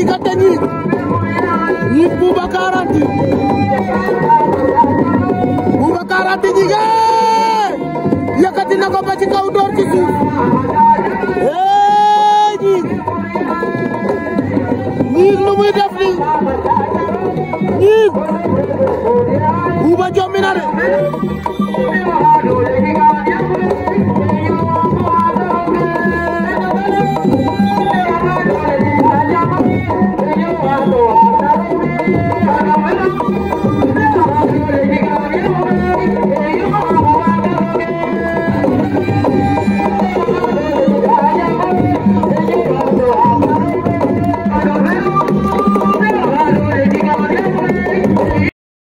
diggante nit nit Bouba Karate Bouba Karate jigéen yëkkati na ko ba ci kaw door ci suuf hee nit nit lu muy def ni nit Bouba jommi na de Thank you.